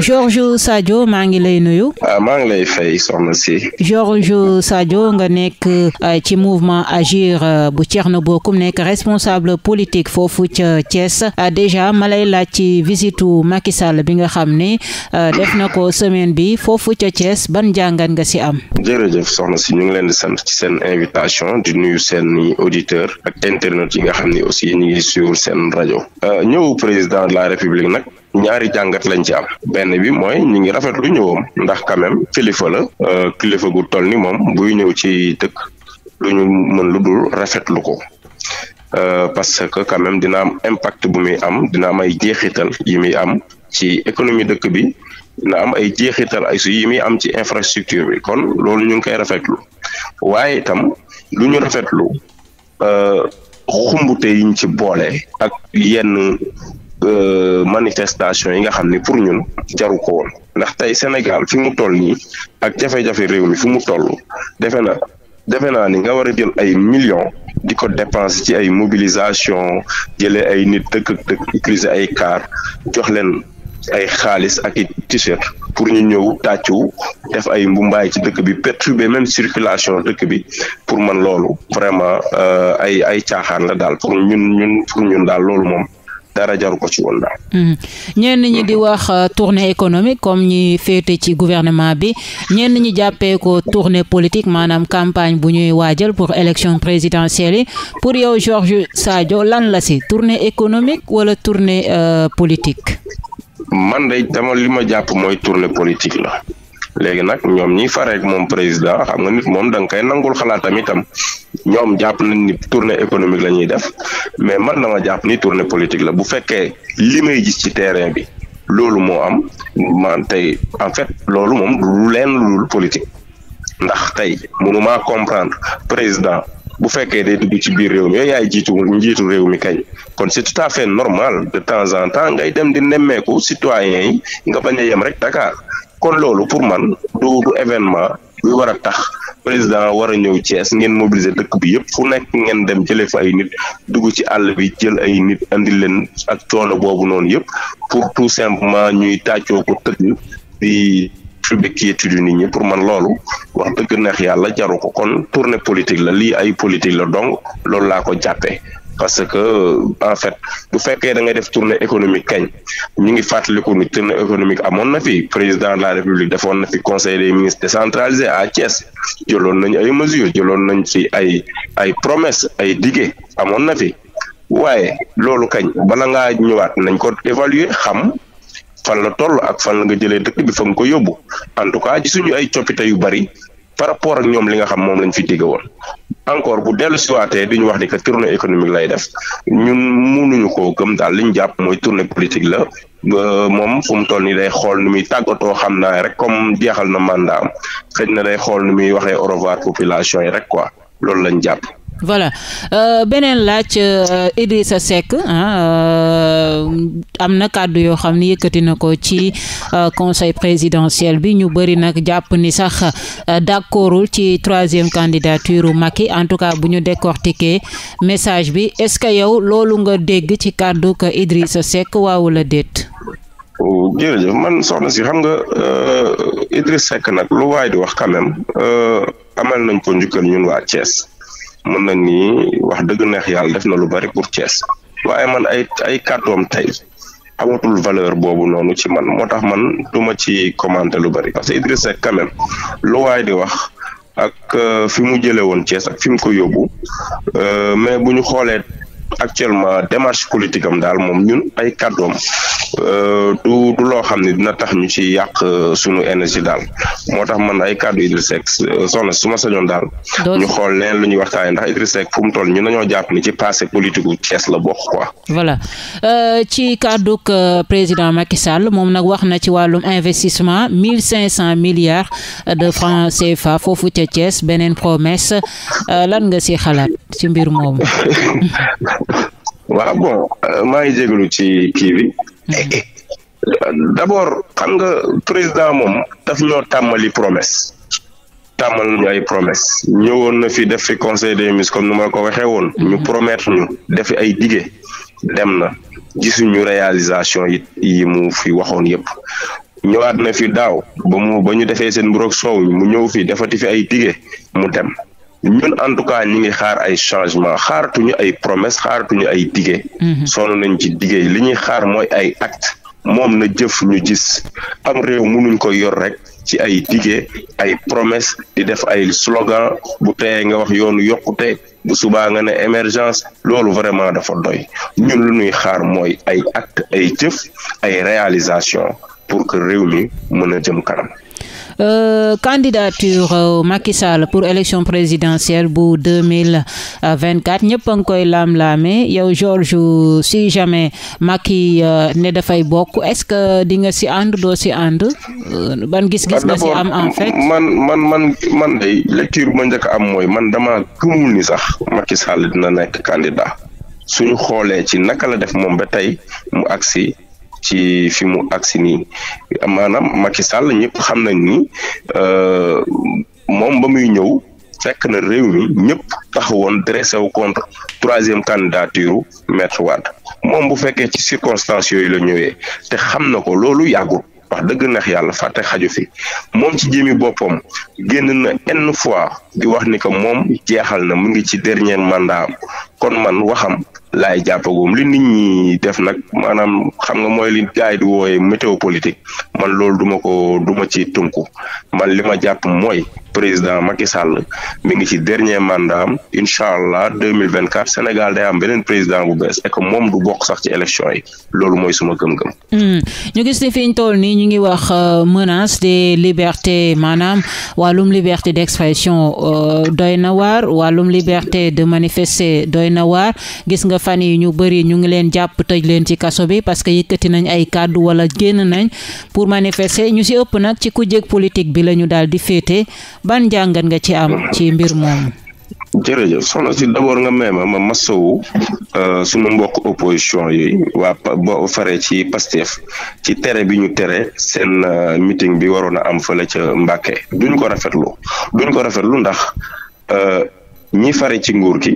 Georges Sadio maa ngi lay nuyu. Ah, maa ngi lay fay soxna si. Georges Sadio nga nekk ah, ci mouvement Agir ah, bu Thierno Bocoum nekk responsable politique foofu ca Thiès déjà ma lay laaj ci visitu Macky Sall bi nga xam ne def na ko semaine bi foofu ca Thiès ban jàngat nga si am. jërëjëf soxna si ñu ngi leen di sant ci seen invitation di nuyu seen auditeur ak internet yi nga xam ne aussi ñu ngi seen rajo. ñëw président de la république nag. ñaari jàngat lañ ci am benn bi mooy ñu ngi rafetlu ñëwam ndax quand kilifa la euh, kilifa gu toll ni moom buy ñëw ci dëkk lu ñu mën lu dul rafetlu ko euh, parce que quand dina am impact bu muy am dina am ay jeexital yi muy am ci économie dëkk bi dina am ay jeexital ay su am ci infrastructure bi kon loolu ñu ngi koy rafetlu waaye itam lu ñu rafetlu euh, xumbute yiñ ci boole ak yenn Euh, manifestation yi nga xam ni pour ñun jaru ko woon ndax tey Sénégal fi mu toll nii ak jafe-jafe réew mi fi mu toll defe na defe naa ni nga war a jël ay millions di ko dépenser ci ay mobilisation jëlee ay nit dëkk dëkk utiliser ay car jox leen ay xaalis ak i t-shirt pour ñu ñëw tàccu def ay mbumbaay ci dëkk bi perturber même circulation dëkk bi pour man loolu vraiment euh, ay ay caaxaan la daal pour ñun ñun pour ñun daal loolu moom dara jaru ko ci walla hmm. ñenn ñi di wax euh, tournée économique comme ñi féete ci gouvernement bi ñenn ñi jàppee ko tournée politique maanaam campagne bu ñuy waajal pour élection présidentielle yi pour yow Georges Sadio lan la si tournée économique wala tournée euh, politique man day dama li ma jàpp mooy tournée politique la léegi nag ñoom ñi fareek moom président xam nga nit moom danga nga koy nangul xalaatam itam ñoom jàpp nañ ni tournée économique la ñuy def mais man dama jàpp ni tournée politique la bu fekkee li may ci terrain bi loolu moo am man tey en fait loolu moom leen politique ndax tey mënumaa comprendre président bu fekkee day dugg ci biir réew mi yooyu yaay jiitu njiitu réew mi kañ kon c'est tout à fait normal de temps en temps ngay dem di nemmeeku citoyens yi nga bañ a yem rek Dakar kon loolu pour man du du événement bi war a tax président war a ñëw cees ngeen mobiliser dëkk bi yëpp fu nekk ngeen dem jëlee fa ay nit dugg ci àll bi jël ay nit indi leen ak coono boobu noonu yëpp pour tout simplement ñuy tàccoo ko tëgg di fii quiétude nit ñi pour man loolu wax dëgg neex yàlla jaru ko kon tournée politique la lii ay politique la donc loolu laa ko jàppee parce que en fait bu fekkee dangay def tournée économique kañ ñu ngi fàttaliku ni tournée économique amoon na fi président de la république defoon na fi conseil des ministres décentralisé à Thiès jëloon nañ ay mesures jëloon nañ fi ay ay promesses ay dige amoon na fi waaye loolu kañ bala ngaa ñëwaat nañ ko évaluer xam fan la toll ak fan la nga jëlee dëkk bi fa nga ko yóbbu en tout cas ci suñu ay coppite yu bari par rapport ak ñoom li nga xam moom lañ fi digg woon encore bu dellu siwaatee di ñu wax ni que tournée économique lay def ñun mënuñu koo gëm daal li ñu jàpp mooy tournée politique la moom fu mu toll nii day xool nu muy tàggatoo xam naa rek comme jeexal na mandat am xëy na day xool nu muy waxee au revoir population yi rek quoi loolu lañ jàpp. voilà euh, beneen laaj euh, Idrissa Seck ah, euh, am na kàddu yoo xam ni yëkkati na ko ci euh, conseil présidentiel bi ñu bëri nag jàpp ni sax euh, d'accordul ci troisième candidature Macky en tout cas bu ñu décortiquer message bi est-ce que yow loolu nga dégg ci kàddu ko Idrissa Seck waaw la déet. Oh, jërëjëf man soxna si xam nga Idrissa Seck nag lu waay di wax quand amal nañ ko njukkal ñun waa Thiès. mën nañ ni wax dëgg neex yàlla def na lu bari pour Thiès waaye man ay ay kàddoom tey amatul valeur boobu noonu ci man moo tax man duma ci commenter lu bari parce que Idrissa Seck quand lu waay di wax ak euh, fi mu jëlee woon cees ak fi mu ko yóbbu euh, mais bu ñu actuellement démarche politique am daal moom ñun ay kàddoom euh, du loo xam ne dina tax ñu ci yàq euh, suñu énergie daal moo tax man ay kàddu Idriss Seck euh, soxna suma ma sañoon daal. ñu xool leen lu ñuy waxtaanee ndax Idriss Seck fu mu toll ñun dañoo jàpp ni ci passé politique gu Thiès la bokk quoi. voilà ci kàddug président Macky Sall moom nag wax na ci wàllum investissement mille cinq cent milliards de francs CFA foofu ca Thiès beneen promesse lan nga si xalaat ci mbir moomu. waaw bon euh, maa ngi jégalu ci kii bi. Mhm. Eh, eh, d' abord xam nga président moom daf ñoo tàmmali promesse tàmmal ñu ay promesse ñëwoon na fi def fi conseil des ministres comme ni ma ko waxee woon. Mhm. ñu promettre ñu def ay dige dem na gisuñu réalisation yi yi mu fi waxoon yëpp. ñëwaat na fi daaw ba mu ba ñu defee seen mburoog soow mu ñëw fi defati fi ay dige mu dem ñun en tout cas ñi ngi xaar ay changement xaaratuñu ay promesse xaaratuñu ay dige mhm. sonn nañ ci dige li ñuy xaar mooy ay acte moom na jëf ñu gis am réew mënuñ ko yor rek ci ay dige ay promesse di def ay slogan bu teyee nga wax yoonu yokkute bu subaa nga ne émergence loolu vraiment dafa doy ñun lu ñuy xaar mooy ay acte ay jëf ay réalisation pour que réew mi mën a jëm kanam Euh, candidature euh, Macky Sall pour élection présidentielle bu deux mille vingt quatre ñëpp a ngi koy laam-laame yow Georges si jamais Macky euh, ne dafay bokk est-ce que di nga si ànd doo si ànd ban gis-gis nga si am man man man man day lecture ma am mooy man dama gëmul ni sax Macky Sall dina nekk candidat suñu xoolee ci naka la def moom ba tey mu agsi ci fi mu agsi nii maanaam Macky Sall ñëpp xam nañ ni euh, moom ba muy ñëw fekk na réew mi ñëpp taxawoon dressé wu contre troisième candidature maître Wade moom bu fekkee ci circonstances yooyu la ñëwee te xam na ko loolu yàggul wax dëgg neex yàlla fàtte xaju fi moom ci jëmi boppam génn na une fois di wax ni que moom jeexal na mu ngi ci dernier mandat kon man waxam laay jàppagum li nit ñi def nag maanaam xam nga mooy li gars yi di météo politique man loolu duma ko duma ci tunku man li ma jàpp mooy président Macky Sall mi ngi ci dernier mandat am incha allah deux mille vingt quatre Sénégal day am beneen président bu bees et moom du bokk sax ci élection yi loolu mooy suma gëm-gëm. Hmm. ñu gis ne fi ñu toll nii ñu ngi wax euh, menace de libertés maanaam wàllum liberté euh, na waar wàllum liberté de manifester doy na waar gis nga fan yi ñu bëri ñu ngi leen jàpp tëj leen ci kaso bi parce que yëkkati nañ ay kàddu wala génn nañ pour manifester ñu si ëpp nag ci kujjeg politique bi la ñu di féete. ban jàngat nga ci am ci mbir moomu. jërëjëf soxna si d'abord nga may ma ma masawu euh, sunu mbokk opposition yi waa boo faree ci Pastef ci tere bi ñu tere seen euh, meeting bi waroon a am fële ca Mbàkke duñ ko rafetlu duñ ko rafetlu ndax euh, ñi fare ci nguur gi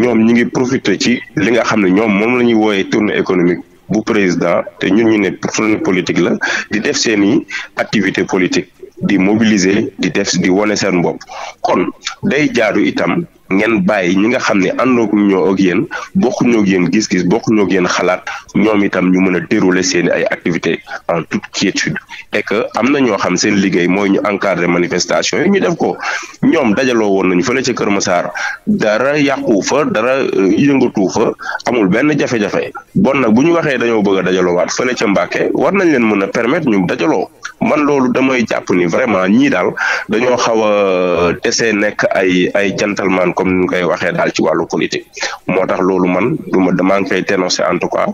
ñoom ñi ngi profité ci li nga xam ne ñoom moom la ñuy wooyee tournée économique bu président te ñun ñu ne tournée politique la di def seeni activité politique di mobiliser di def di wone seen bopp kon day jaadu itam ngeen bàyyi ñi nga xam ne àndoo ko ñoo ak yéen bokkuñoo ak yéen gis-gis bokkuñoo ak yéen xalaat ñoom itam ñu mën a dérouler seen ay activités en toute quiétude et que am na ñoo xam seen liggéey mooy ñu encadrer manifestation yi ñu def ko ñoom dajaloo woon nañu fële ca Kër Massar dara yàqu fa dara euh, yëngatu fa amul benn jafe-jafe bon nag bu ñu waxee dañoo bëgg a dajaloo waat fële ca Mbàkke war nañ leen mën a permettre ñu dajaloo man loolu damay jàpp ni vraiment ñii daal dañoo xaw a dese euh, nekk ay ay gentleman comme ni ñu koy waxee daal ci wàllu politique moo tax loolu man du ma damaa ngi koy dénoncé en tout cas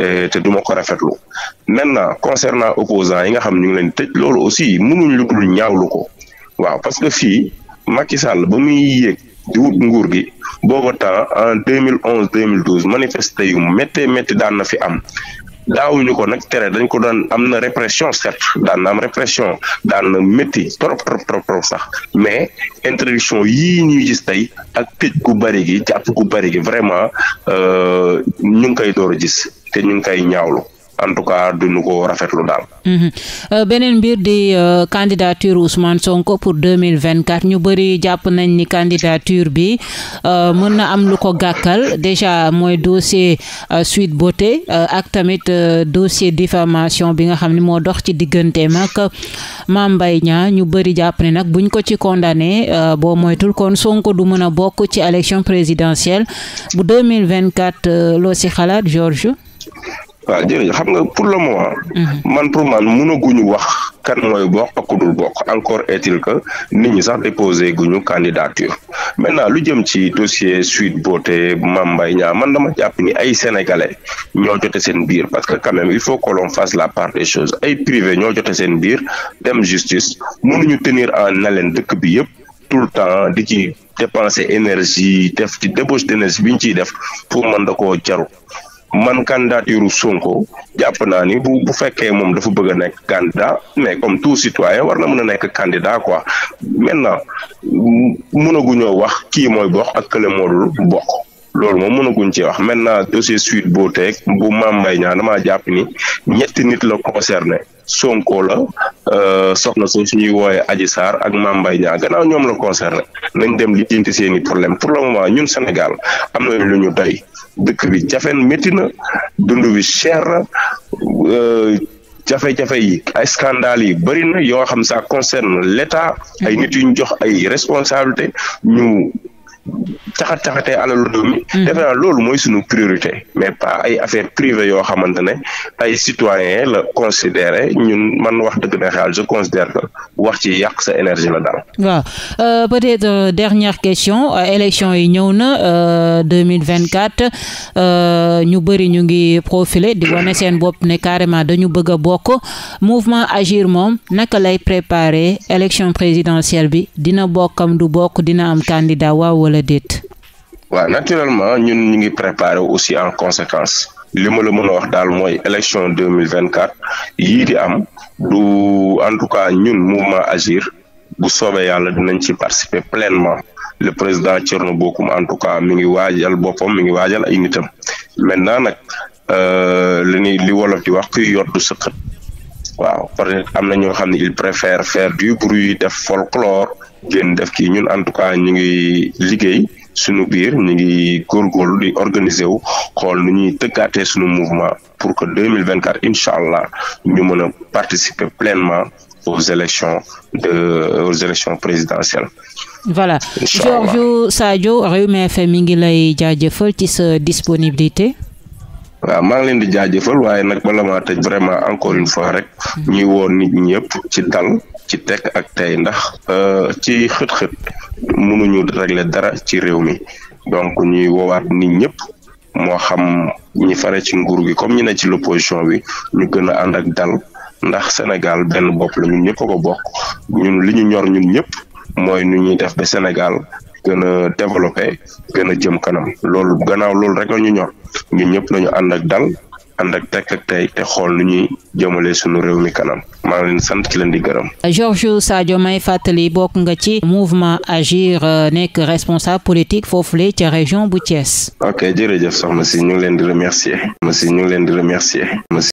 euh, te du ma ko rafetlu maintenant concernant opposants yi nga xam ñu ngi leen di tëj loolu aussi mënuñ lu dul ñaawlu ko waaw parce que fii Macky Sall ba muy yéeg diwut nguur gi booba temps en deux mille 2011 2012 manifesté yu méttee métti daan na fi am daawuñu ko nag teree dañ ko daan am na repression certes daan am repression daan na métti trop trop trop trop sax mais introduction yii ñuy gis tey ak tëj ku bëri gi jàpp gu bëri gi vraiment euh, ñu ngi koy door a te ñu ngi koy ñaawlu. en tout cas du ñu ko rafetlu daal. Mhm. Euh, beneen mbir di euh, candidature Ousmane Sonko pour deux mille vingt quatre ñu bëri jàpp nañ ni candidature bi euh, mën na am lu ko gàkkal déjà mooy dossier Sweet Beauté ak tamit dossier diffamation bi nga xam ni moo dox ci digganteem ak ma mbay Niang ñu bëri jàpp ne nag buñ ko ci condamné boo moytul kon sonk du mën a bokk ci élection présidentielle bu deux mille vingt quatre loo si xalaat Georges. waaw jërëjëf xam nga pour le moment. Mhm. man pour man mënaguñu wax kan mooy bokk ak ku dul bokk encore est-il que nit ñi sax déposé guñu candidature maintenant lu jëm ci dossier Sweet Beauté Mame Mbaye Niang man dama jàpp ni ay sénégalais ñoo jote seen biir parce que quand il faut que l'on fasse la part des choses ay privé ñoo jote seen biir dem justice mënuñu tenir en leen dëkk bi yëpp tout le temps di ci dépenser énergie def ci débauche d'énergie bi ñu ciy def pour mën da koo jaru man candidature Sonko jàpp naa ni bu bu fekkee moom dafa bëgg a nekk candidat mais comme tout citoyen war na mën a nekk candidat quoi maintenant mënaguñoo wax kii mooy bokk ak kële moo dul loolu moom mënaguñ ci wax maintenant dossier suite boo teeg bu Mame Mbaye Niang damaa jàpp ni ñetti nit la concerné Sonko la euh, soxna soo suñuy wooyee Adji Sarr ak Mame Mbaye Niang gannaaw ñoom la concerné nañ dem lijjanti seen i problème pour le moment ñun Sénégal am na lu ñu doy dëkk bi jafe na métti na dund bi cher na euh, jafe-jafe yi ay scandale yi bëri na yoo xam ça concerne l'État ay nit yu ñu jox ay responsabilité ñu caxat caxatee alalu réew mi mm. defe naa loolu mooy suñu priorité mais pas ay affaire privée yoo xamante ne ay citoyen la considéré ñun man wax dëgg na xaal je considère que wax ci yàq sa énergie la dal waaw euh, peut-être euh, dernière question euh, élection yi ñëw na 2024 ñu bëri ñu ngi profiler di wane seen bopp ne carrément dañu bëgg a bokk mouvement agir moom naka lay préparer élection présidentielle bi dina bokkam du bokk dina am candidat waaw wala déet waaw naturellement ñun ñu ngi préparer aussi en conséquence li ma la mën a wax daal mooy élection deux mille vingt quatre yii di am du en tout cas ñun mouvement agir bu soobee yàlla nañ ci participer pleinement le président Thierno Bocoum en tout cas mi ngi waajal boppam mi ngi waajal ay nitam maintenant nag euh, li ni li wolof di wax kuy du sëqët waaw peut-être am na ñoo xam ne il préfère faire du bruit def folklore génn def kii ñun en tout cas ñu ngi liggéey sunu biir ñu ngi góorgóorlu di organiser wu xool nu ñuy tëggaatee suñu mouvement pour que deux mille vingt quatre incha allah ñu mën a participer pleinement aux élections de aux élections présidentielles. voilà Georgiou Sadio Rewmi FM mi ngi lay jaajëfal ci sa disponibilité. waaw maa ngi leen di jaajëfal waaye nag bala maa tëj vraiment encore une fois rek ñuy woon nit ñëpp ci dal ci tekk ak tey ndax euh, ci xët-xët mënuñu régler dara ci réew mi donc ñuy woowaat nit ñëpp moo xam ñi fare ci nguur gi comme ñi ne ci l'opposition bi ñu gën a ànd ak dal ndax Sénégal benn bopp la ñun ñëpp a ko bokk ñun li ñu ñor ñun ñëpp mooy nu ñuy def ba Sénégal gën a développé gën a jëm kanam lool gannaaw loolu rek la ñu ñor ñun ñëpp nañu ànd ak dal ànd ak tekk ak tey te xool nu ñuy jëmale sunu réew mi kanam maa ngi leen sant ci leen di gërëm. Georges Sadio May fàttali bokk nga ci mouvement Agir euh, nekk responsable politique foofule ca région bu Thiès. ok jërëjëf soxna si ñu ngi leen di remercier. ma si ñu ngi leen di remercier.